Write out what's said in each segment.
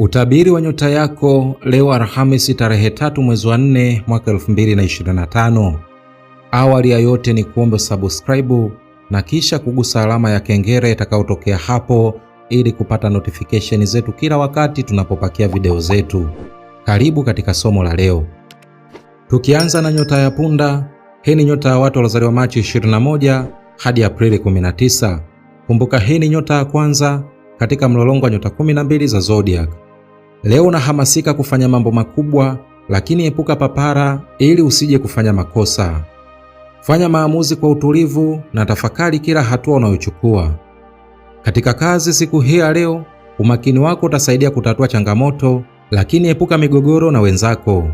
Utabiri wa nyota yako leo Alhamisi tarehe tatu mwezi wa nne mwaka 2025. Awali ya yote ni kuombe subscribe na kisha kugusa alama ya kengele itakayotokea hapo ili kupata notification zetu kila wakati tunapopakia video zetu. Karibu katika somo la leo. Tukianza na nyota ya punda, hii ni nyota ya watu waliozaliwa Machi 21 hadi Aprili 19. Kumbuka hii ni nyota ya kwanza katika mlolongo wa nyota 12 za zodiac. Leo unahamasika kufanya mambo makubwa, lakini epuka papara ili usije kufanya makosa. Fanya maamuzi kwa utulivu na tafakari kila hatua unayochukua katika kazi. Siku hii ya leo, umakini wako utasaidia kutatua changamoto, lakini epuka migogoro na wenzako.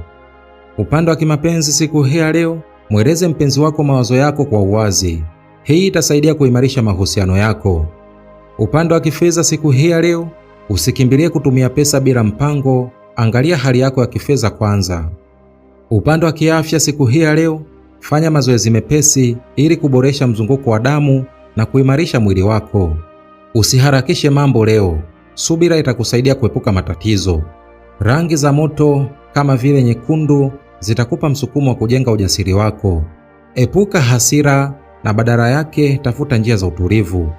Upande wa kimapenzi, siku hii ya leo, mweleze mpenzi wako mawazo yako kwa uwazi. Hii itasaidia kuimarisha mahusiano yako. Upande wa kifedha, siku hii ya leo Usikimbilie kutumia pesa bila mpango, angalia hali yako ya kifedha kwanza. Upande wa kiafya, siku hii ya leo, fanya mazoezi mepesi ili kuboresha mzunguko wa damu na kuimarisha mwili wako. Usiharakishe mambo leo, subira itakusaidia kuepuka matatizo. Rangi za moto kama vile nyekundu zitakupa msukumo wa kujenga ujasiri wako. Epuka hasira na badala yake tafuta njia za utulivu.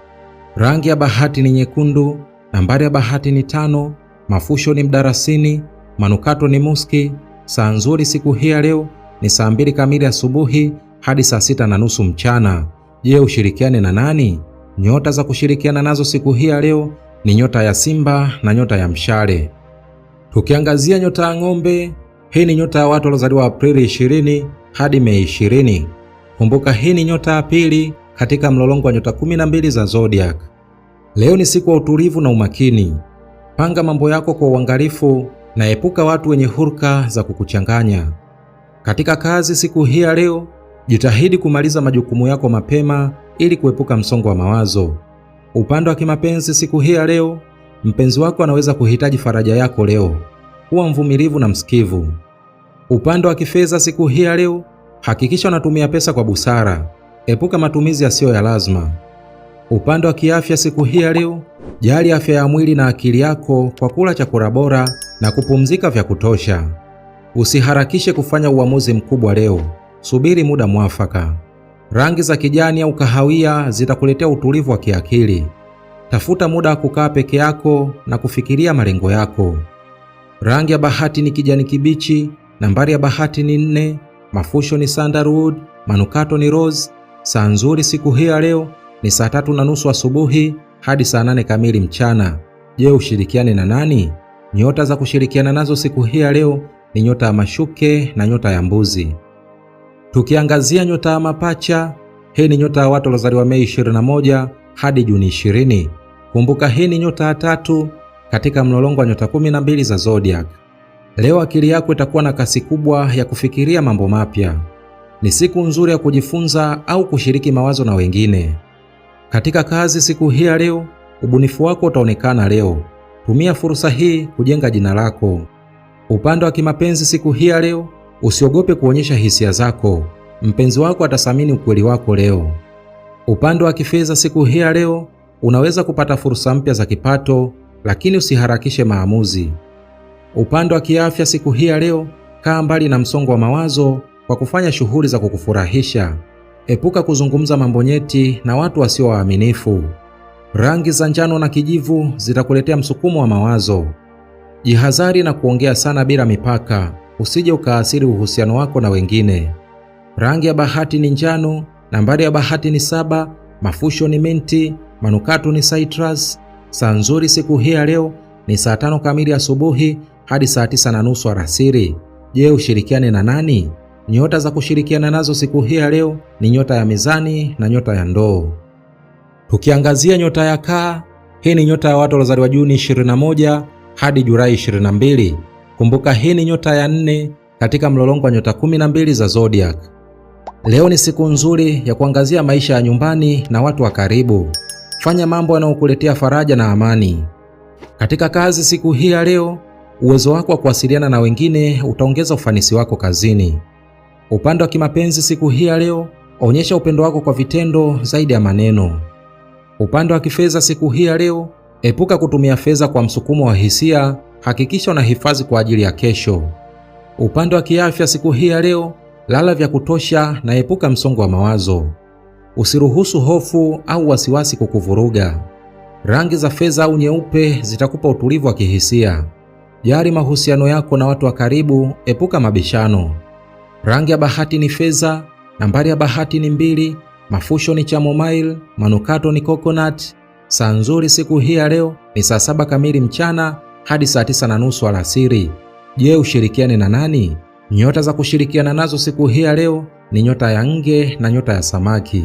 Rangi ya bahati ni nyekundu Nambari ya bahati ni tano, mafusho ni mdarasini, manukato ni muski. Saa nzuri siku hii ya leo ni saa mbili kamili asubuhi hadi saa sita na nusu mchana. Je, ushirikiane na nani? Nyota za kushirikiana nazo siku hii ya leo ni nyota ya Simba na nyota ya Mshale. Tukiangazia nyota ya Ng'ombe, hii ni nyota ya watu waliozaliwa Aprili 20 hadi Mei 20. Kumbuka, hii ni nyota ya pili katika mlolongo wa nyota 12 za zodiac. Leo ni siku ya utulivu na umakini. Panga mambo yako kwa uangalifu na epuka watu wenye hulka za kukuchanganya. Katika kazi siku hii ya leo, jitahidi kumaliza majukumu yako mapema ili kuepuka msongo wa mawazo. Upande wa kimapenzi siku hii ya leo, mpenzi wako anaweza kuhitaji faraja yako leo. Kuwa mvumilivu na msikivu. Upande wa kifedha siku hii ya leo, hakikisha unatumia pesa kwa busara. Epuka matumizi yasiyo ya lazima. Upande wa kiafya siku hii ya leo, jali afya ya mwili na akili yako kwa kula chakula bora na kupumzika vya kutosha. Usiharakishe kufanya uamuzi mkubwa leo, subiri muda mwafaka. Rangi za kijani au kahawia zitakuletea utulivu wa kiakili. Tafuta muda wa kukaa peke yako na kufikiria malengo yako. Rangi ya bahati ni kijani kibichi. Nambari ya bahati ni nne. Mafusho ni sandalwood. Manukato ni rose. Saa nzuri siku hii ya leo ni saa tatu na nusu asubuhi hadi saa nane kamili mchana. Je, ushirikiane na nani? Nyota za kushirikiana nazo siku hii ya leo ni nyota ya mashuke na nyota ya mbuzi. Tukiangazia nyota ya mapacha, hii ni nyota ya watu waliozaliwa Mei 21 hadi Juni 20. Kumbuka hii ni nyota ya tatu katika mlolongo wa nyota 12 za zodiac. Leo akili yako itakuwa na kasi kubwa ya kufikiria mambo mapya. Ni siku nzuri ya kujifunza au kushiriki mawazo na wengine. Katika kazi siku hii ya leo, ubunifu wako utaonekana leo. Tumia fursa hii kujenga jina lako. Upande wa kimapenzi siku hii ya leo, usiogope kuonyesha hisia zako. Mpenzi wako atathamini ukweli wako leo. Upande wa kifedha siku hii ya leo, unaweza kupata fursa mpya za kipato, lakini usiharakishe maamuzi. Upande wa kiafya siku hii ya leo, kaa mbali na msongo wa mawazo kwa kufanya shughuli za kukufurahisha. Epuka kuzungumza mambo nyeti na watu wasio waaminifu. Rangi za njano na kijivu zitakuletea msukumo wa mawazo. Jihadhari na kuongea sana bila mipaka, usije ukaathiri uhusiano wako na wengine. Rangi ya bahati ni njano, nambari ya bahati ni saba, mafusho ni minti, manukato ni citrus. Saa nzuri siku hii ya leo ni saa tano kamili asubuhi hadi saa tisa na nusu alasiri. Je, ushirikiane na nani? Nyota za kushirikiana nazo siku hii ya leo ni nyota ya mizani na nyota ya ndoo. Tukiangazia nyota ya kaa, hii ni nyota ya watu waliozaliwa Juni 21 hadi Julai 22. Kumbuka hii ni nyota ya nne katika mlolongo wa nyota 12 za zodiac. Leo ni siku nzuri ya kuangazia maisha ya nyumbani na watu wa karibu. Fanya mambo yanayokuletea faraja na amani. Katika kazi siku hii ya leo, uwezo wako wa kuwasiliana na wengine utaongeza ufanisi wako kazini. Upande wa kimapenzi siku hii ya leo, onyesha upendo wako kwa vitendo zaidi ya maneno. Upande wa kifedha siku hii ya leo, epuka kutumia fedha kwa msukumo wa hisia, hakikisha unahifadhi kwa ajili ya kesho. Upande wa kiafya siku hii ya leo, lala vya kutosha na epuka msongo wa mawazo. Usiruhusu hofu au wasiwasi kukuvuruga. Rangi za fedha au nyeupe zitakupa utulivu wa kihisia. Jali mahusiano yako na watu wa karibu, epuka mabishano rangi ya bahati ni fedha, nambari ya bahati ni mbili, mafusho ni chamomile, manukato ni coconut. Saa nzuri siku hii ya leo ni saa saba kamili mchana hadi saa tisa na nusu alasiri. Je, ushirikiane na nani? Nyota za kushirikiana nazo siku hii ya leo ni nyota ya nge na nyota ya samaki.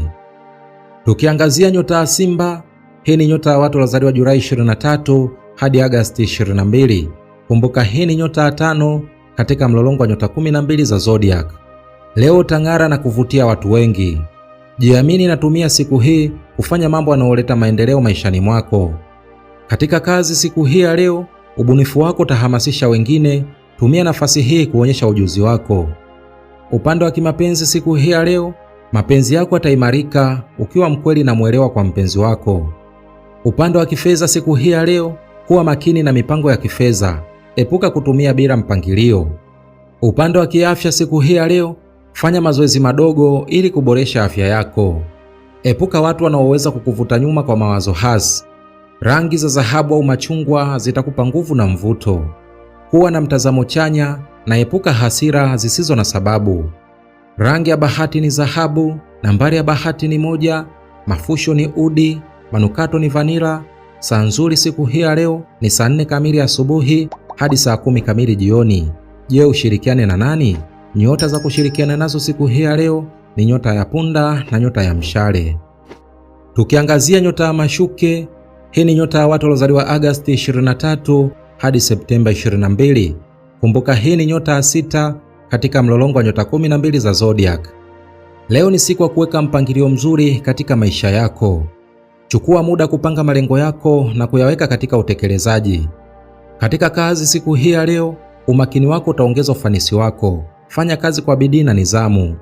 Tukiangazia nyota ya Simba, hii ni nyota ya watu waliozaliwa Julai 23 hadi Agasti 22. Kumbuka, hii ni nyota ya tano katika mlolongo wa nyota 12 za zodiac. Leo utang'ara na kuvutia watu wengi. Jiamini natumia siku hii kufanya mambo yanayoleta maendeleo maishani mwako. Katika kazi siku hii ya leo, ubunifu wako utahamasisha wengine. Tumia nafasi hii kuonyesha ujuzi wako. Upande wa kimapenzi siku hii ya leo, mapenzi yako yataimarika ukiwa mkweli na mwelewa kwa mpenzi wako. Upande wa kifedha siku hii ya leo, kuwa makini na mipango ya kifedha Epuka kutumia bila mpangilio. Upande wa kiafya siku hii ya leo, fanya mazoezi madogo ili kuboresha afya yako. Epuka watu wanaoweza kukuvuta nyuma kwa mawazo hasi. Rangi za dhahabu au machungwa zitakupa nguvu na mvuto. Kuwa na mtazamo chanya na epuka hasira zisizo na sababu. Rangi ya bahati ni dhahabu, nambari ya bahati ni moja, mafusho ni udi, manukato ni vanila. Saa nzuri siku hii ya leo ni saa nne kamili asubuhi hadi saa kumi kamili jioni. Je, ushirikiane na nani? Nyota za kushirikiana nazo siku hii ya leo ni nyota ya punda na nyota ya mshale. Tukiangazia nyota ya mashuke, hii ni nyota ya watu waliozaliwa Agasti 23 hadi Septemba 22. Kumbuka hii ni nyota ya sita katika mlolongo wa nyota 12 za zodiac. Leo ni siku ya kuweka mpangilio mzuri katika maisha yako. Chukua muda kupanga malengo yako na kuyaweka katika utekelezaji. Katika kazi siku hii ya leo, umakini wako utaongeza ufanisi wako. Fanya kazi kwa bidii na nidhamu.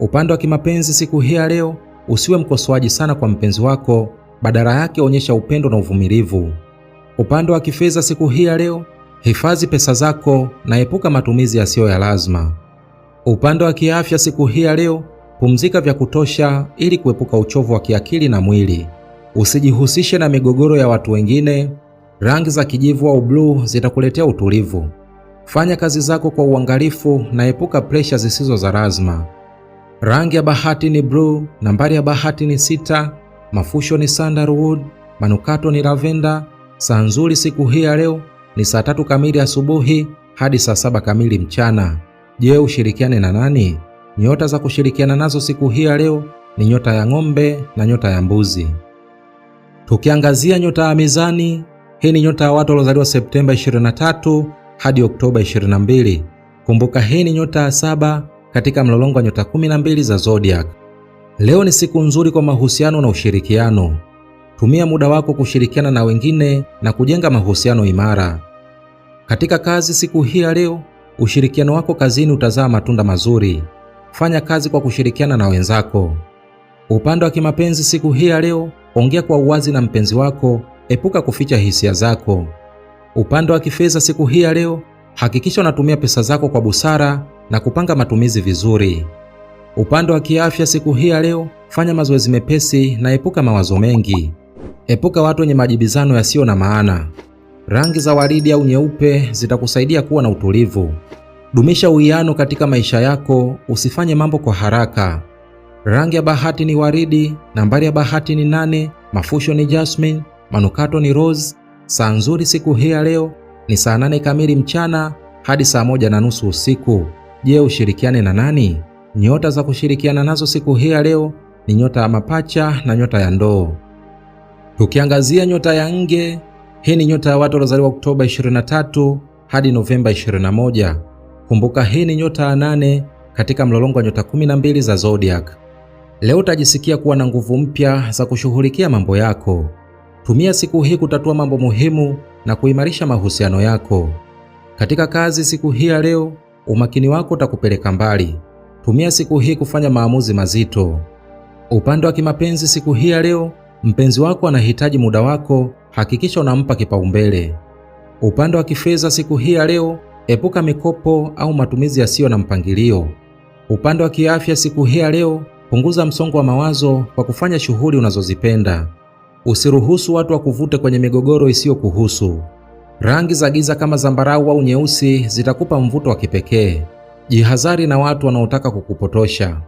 Upande wa kimapenzi siku hii ya leo, usiwe mkosoaji sana kwa mpenzi wako, badala yake onyesha upendo na uvumilivu. Upande wa kifedha siku hii ya leo, hifadhi pesa zako na epuka matumizi yasiyo ya lazima. Upande wa kiafya siku hii ya leo, pumzika vya kutosha ili kuepuka uchovu wa kiakili na mwili. Usijihusishe na migogoro ya watu wengine Rangi za kijivu au bluu zitakuletea utulivu. Fanya kazi zako kwa uangalifu na epuka presha zisizo za lazima. Rangi ya bahati ni bluu, nambari ya bahati ni sita, mafusho ni sandalwood, manukato ni lavenda. Saa nzuri siku hii ya leo ni saa tatu kamili asubuhi hadi saa saba kamili mchana. Je, ushirikiane na nani? Nyota za kushirikiana nazo siku hii ya leo ni nyota ya ng'ombe na nyota ya mbuzi. Tukiangazia nyota ya mizani, hii ni nyota ya watu waliozaliwa Septemba 23 hadi Oktoba 22. Kumbuka hii ni nyota ya saba katika mlolongo wa nyota 12 za zodiac. Leo ni siku nzuri kwa mahusiano na ushirikiano. Tumia muda wako kushirikiana na wengine na kujenga mahusiano imara. Katika kazi siku hii ya leo, ushirikiano wako kazini utazaa matunda mazuri. Fanya kazi kwa kushirikiana na wenzako. Upande wa kimapenzi siku hii ya leo, ongea kwa uwazi na mpenzi wako Epuka kuficha hisia zako. Upande wa kifedha siku hii ya leo, hakikisha unatumia pesa zako kwa busara na kupanga matumizi vizuri. Upande wa kiafya siku hii ya leo, fanya mazoezi mepesi na epuka mawazo mengi. Epuka watu wenye majibizano yasiyo na maana. Rangi za waridi au nyeupe zitakusaidia kuwa na utulivu. Dumisha uwiano katika maisha yako, usifanye mambo kwa haraka. Rangi ya bahati ni waridi, nambari ya bahati ni nane, mafusho ni jasmine, Manukato ni Rose. Saa nzuri siku hii ya leo ni saa nane kamili mchana hadi saa moja na nusu usiku. Je, ushirikiane na nani? Nyota za kushirikiana nazo siku hii ya leo ni nyota ya mapacha na nyota ya ndoo. Tukiangazia nyota ya nge, hii ni nyota ya watu waliozaliwa Oktoba 23 hadi Novemba 21. Kumbuka hii ni nyota ya nane katika mlolongo wa nyota 12 za zodiac. Leo utajisikia kuwa na nguvu mpya za kushughulikia mambo yako. Tumia siku hii kutatua mambo muhimu na kuimarisha mahusiano yako. Katika kazi siku hii ya leo, umakini wako utakupeleka mbali. Tumia siku hii kufanya maamuzi mazito. Upande wa kimapenzi siku hii ya leo, mpenzi wako anahitaji muda wako, hakikisha unampa kipaumbele. Upande wa kifedha siku hii ya leo, epuka mikopo au matumizi yasiyo na mpangilio. Upande wa kiafya siku hii ya leo, punguza msongo wa mawazo kwa kufanya shughuli unazozipenda. Usiruhusu watu wakuvute kwenye migogoro isiyokuhusu. Rangi za giza kama zambarau au nyeusi zitakupa mvuto wa kipekee. Jihadhari na watu wanaotaka kukupotosha.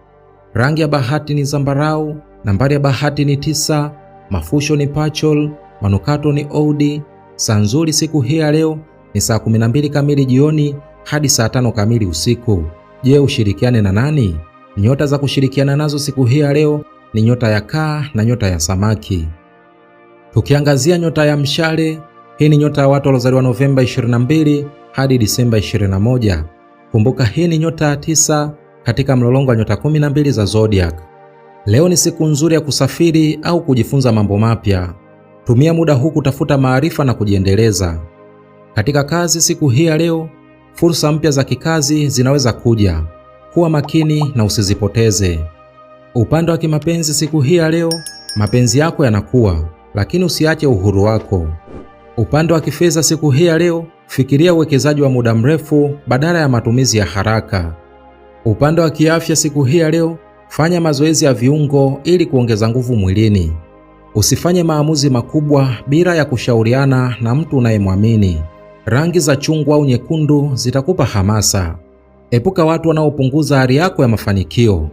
Rangi ya bahati ni zambarau, nambari ya bahati ni tisa, mafusho ni pachol, manukato ni oudi. Saa nzuri siku hii ya leo ni saa 12 kamili jioni hadi saa tano kamili usiku. Je, ushirikiane na nani? Nyota za kushirikiana nazo siku hii ya leo ni nyota ya kaa na nyota ya samaki. Tukiangazia nyota ya mshale, hii ni nyota ya watu waliozaliwa Novemba 22 hadi Disemba 21. Kumbuka hii ni nyota ya tisa katika mlolongo wa nyota 12 za zodiac. Leo ni siku nzuri ya kusafiri au kujifunza mambo mapya. Tumia muda huu kutafuta maarifa na kujiendeleza. Katika kazi siku hii ya leo, fursa mpya za kikazi zinaweza kuja. Kuwa makini na usizipoteze. Upande wa kimapenzi siku hii ya leo, mapenzi yako yanakuwa lakini usiache uhuru wako. Upande wa kifedha siku hii ya leo, fikiria uwekezaji wa muda mrefu badala ya matumizi ya haraka. Upande wa kiafya siku hii ya leo, fanya mazoezi ya viungo ili kuongeza nguvu mwilini. Usifanye maamuzi makubwa bila ya kushauriana na mtu unayemwamini. Rangi za chungwa au nyekundu zitakupa hamasa. Epuka watu wanaopunguza ari yako ya mafanikio.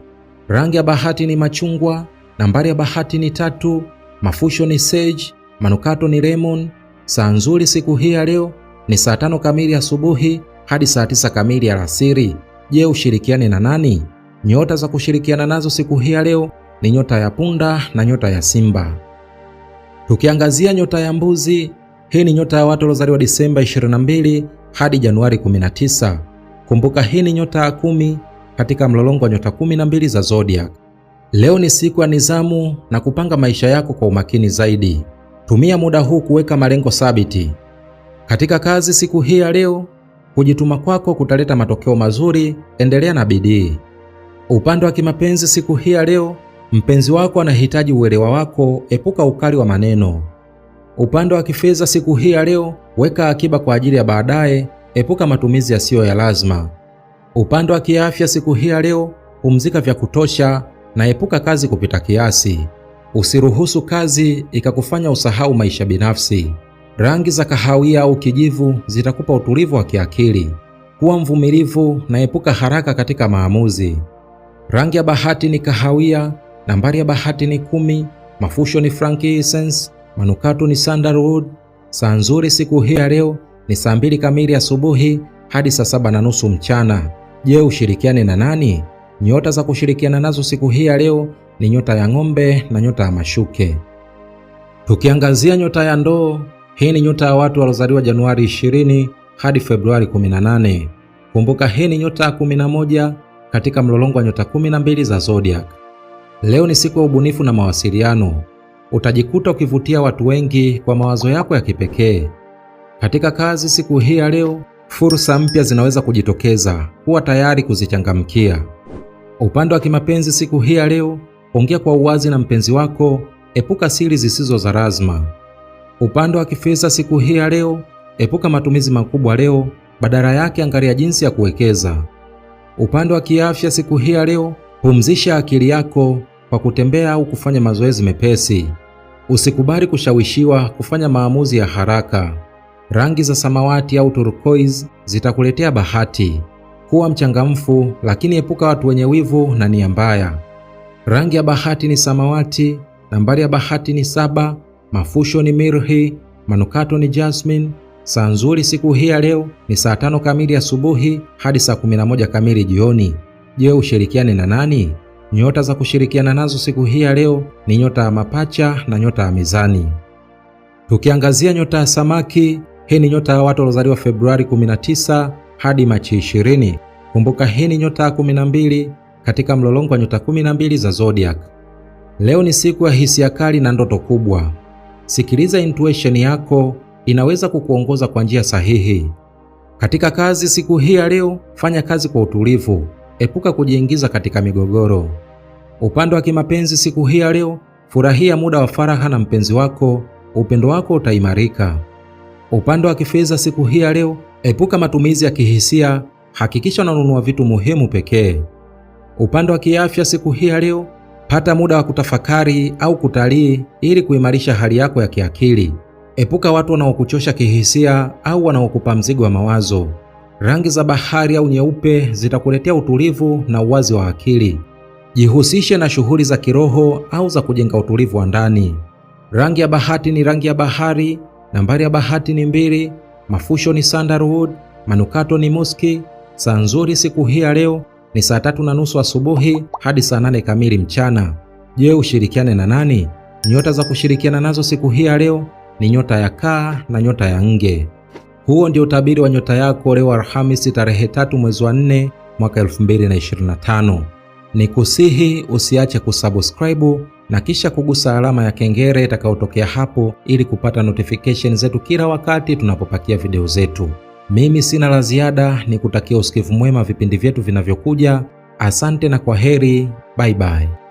Rangi ya bahati ni machungwa. Nambari ya bahati ni tatu mafusho ni sage, manukato ni lemon. Saa nzuri siku hii ya leo ni saa tano kamili asubuhi hadi saa tisa kamili alasiri. Je, ushirikiane na nani? Nyota za kushirikiana nazo siku hii ya leo ni nyota ya punda na nyota ya simba. Tukiangazia nyota ya mbuzi, hii ni nyota ya watu waliozaliwa Disemba 22 hadi Januari 19. Kumbuka hii ni nyota ya kumi katika mlolongo wa nyota 12 za zodiac. Leo ni siku ya nidhamu na kupanga maisha yako kwa umakini zaidi. Tumia muda huu kuweka malengo thabiti katika kazi siku hii ya leo. Kujituma kwako kutaleta matokeo mazuri, endelea na bidii. Upande wa kimapenzi siku hii ya leo, mpenzi wako anahitaji uelewa wako, epuka ukali wa maneno. Upande wa kifedha siku hii ya leo, weka akiba kwa ajili ya baadaye, epuka matumizi yasiyo ya lazima. Upande wa kiafya siku hii ya leo, pumzika vya kutosha, na epuka kazi kupita kiasi. Usiruhusu kazi ikakufanya usahau maisha binafsi. Rangi za kahawia au kijivu zitakupa utulivu wa kiakili. Kuwa mvumilivu na epuka haraka katika maamuzi. Rangi ya bahati ni kahawia, nambari ya bahati ni kumi, mafusho ni frankincense, manukato ni sandalwood. Saa nzuri siku hii ya leo ni saa mbili kamili asubuhi hadi saa saba na nusu mchana. Je, ushirikiane na nani? Nyota za kushirikiana nazo siku hii ya leo ni nyota ya ng'ombe na nyota ya mashuke. Tukiangazia nyota ya ndoo, hii ni nyota ya watu waliozaliwa Januari 20 hadi Februari 18. Kumbuka hii ni nyota ya 11 katika mlolongo wa nyota 12 za zodiac. Leo ni siku ya ubunifu na mawasiliano. Utajikuta ukivutia watu wengi kwa mawazo yako ya kipekee. Katika kazi siku hii ya leo, fursa mpya zinaweza kujitokeza. Kuwa tayari kuzichangamkia. Upande wa kimapenzi siku hii ya leo, ongea kwa uwazi na mpenzi wako, epuka siri zisizo za lazima. Upande wa kifedha siku hii ya leo, epuka matumizi makubwa leo, badala yake angalia jinsi ya kuwekeza. Upande wa kiafya siku hii ya leo, pumzisha akili yako kwa kutembea au kufanya mazoezi mepesi. Usikubali kushawishiwa kufanya maamuzi ya haraka. Rangi za samawati au turquoise zitakuletea bahati. Kuwa mchangamfu, lakini epuka watu wenye wivu na nia mbaya. Rangi ya bahati ni samawati. Nambari ya bahati ni saba. Mafusho ni mirhi. Manukato ni jasmine. Saa nzuri siku hii ya leo ni saa tano kamili asubuhi hadi saa 11 kamili jioni. Je, ushirikiane na nani? Nyota za kushirikiana nazo siku hii ya leo ni nyota ya mapacha na nyota ya mizani. Tukiangazia nyota ya samaki, hii ni nyota ya watu waliozaliwa Februari 19 hadi Machi 20. Kumbuka hii ni nyota ya 12 katika mlolongo wa nyota 12 za zodiac. Leo ni siku ya hisia kali na ndoto kubwa. Sikiliza intuition yako, inaweza kukuongoza kwa njia sahihi. Katika kazi siku hii ya leo, fanya kazi kwa utulivu, epuka kujiingiza katika migogoro. Upande wa kimapenzi siku hii ya leo, furahia muda wa faraha na mpenzi wako, upendo wako utaimarika. Upande wa kifedha siku hii ya leo, epuka matumizi ya kihisia, hakikisha unanunua vitu muhimu pekee. Upande wa kiafya siku hii ya leo, pata muda wa kutafakari au kutalii ili kuimarisha hali yako ya kiakili. Epuka watu wanaokuchosha kihisia au wanaokupa mzigo wa mawazo. Rangi za bahari au nyeupe zitakuletea utulivu na uwazi wa akili. Jihusishe na shughuli za kiroho au za kujenga utulivu wa ndani. Rangi ya bahati ni rangi ya bahari Nambari ya bahati ni mbili, mafusho ni sandalwood, manukato ni muski. Saa nzuri siku hii ya leo ni saa tatu na nusu asubuhi hadi saa nane kamili mchana. Je, ushirikiane na nani? Nyota za kushirikiana nazo siku hii ya leo ni nyota ya kaa na nyota ya nge. Huo ndio utabiri wa nyota yako leo Alhamisi tarehe tatu mwezi wa nne mwaka 2025. kusihi usiache kusubscribe na kisha kugusa alama ya kengele itakayotokea hapo ili kupata notification zetu kila wakati tunapopakia video zetu. Mimi sina la ziada, ni kutakia usikivu mwema vipindi vyetu vinavyokuja. Asante na kwa heri, bye bye.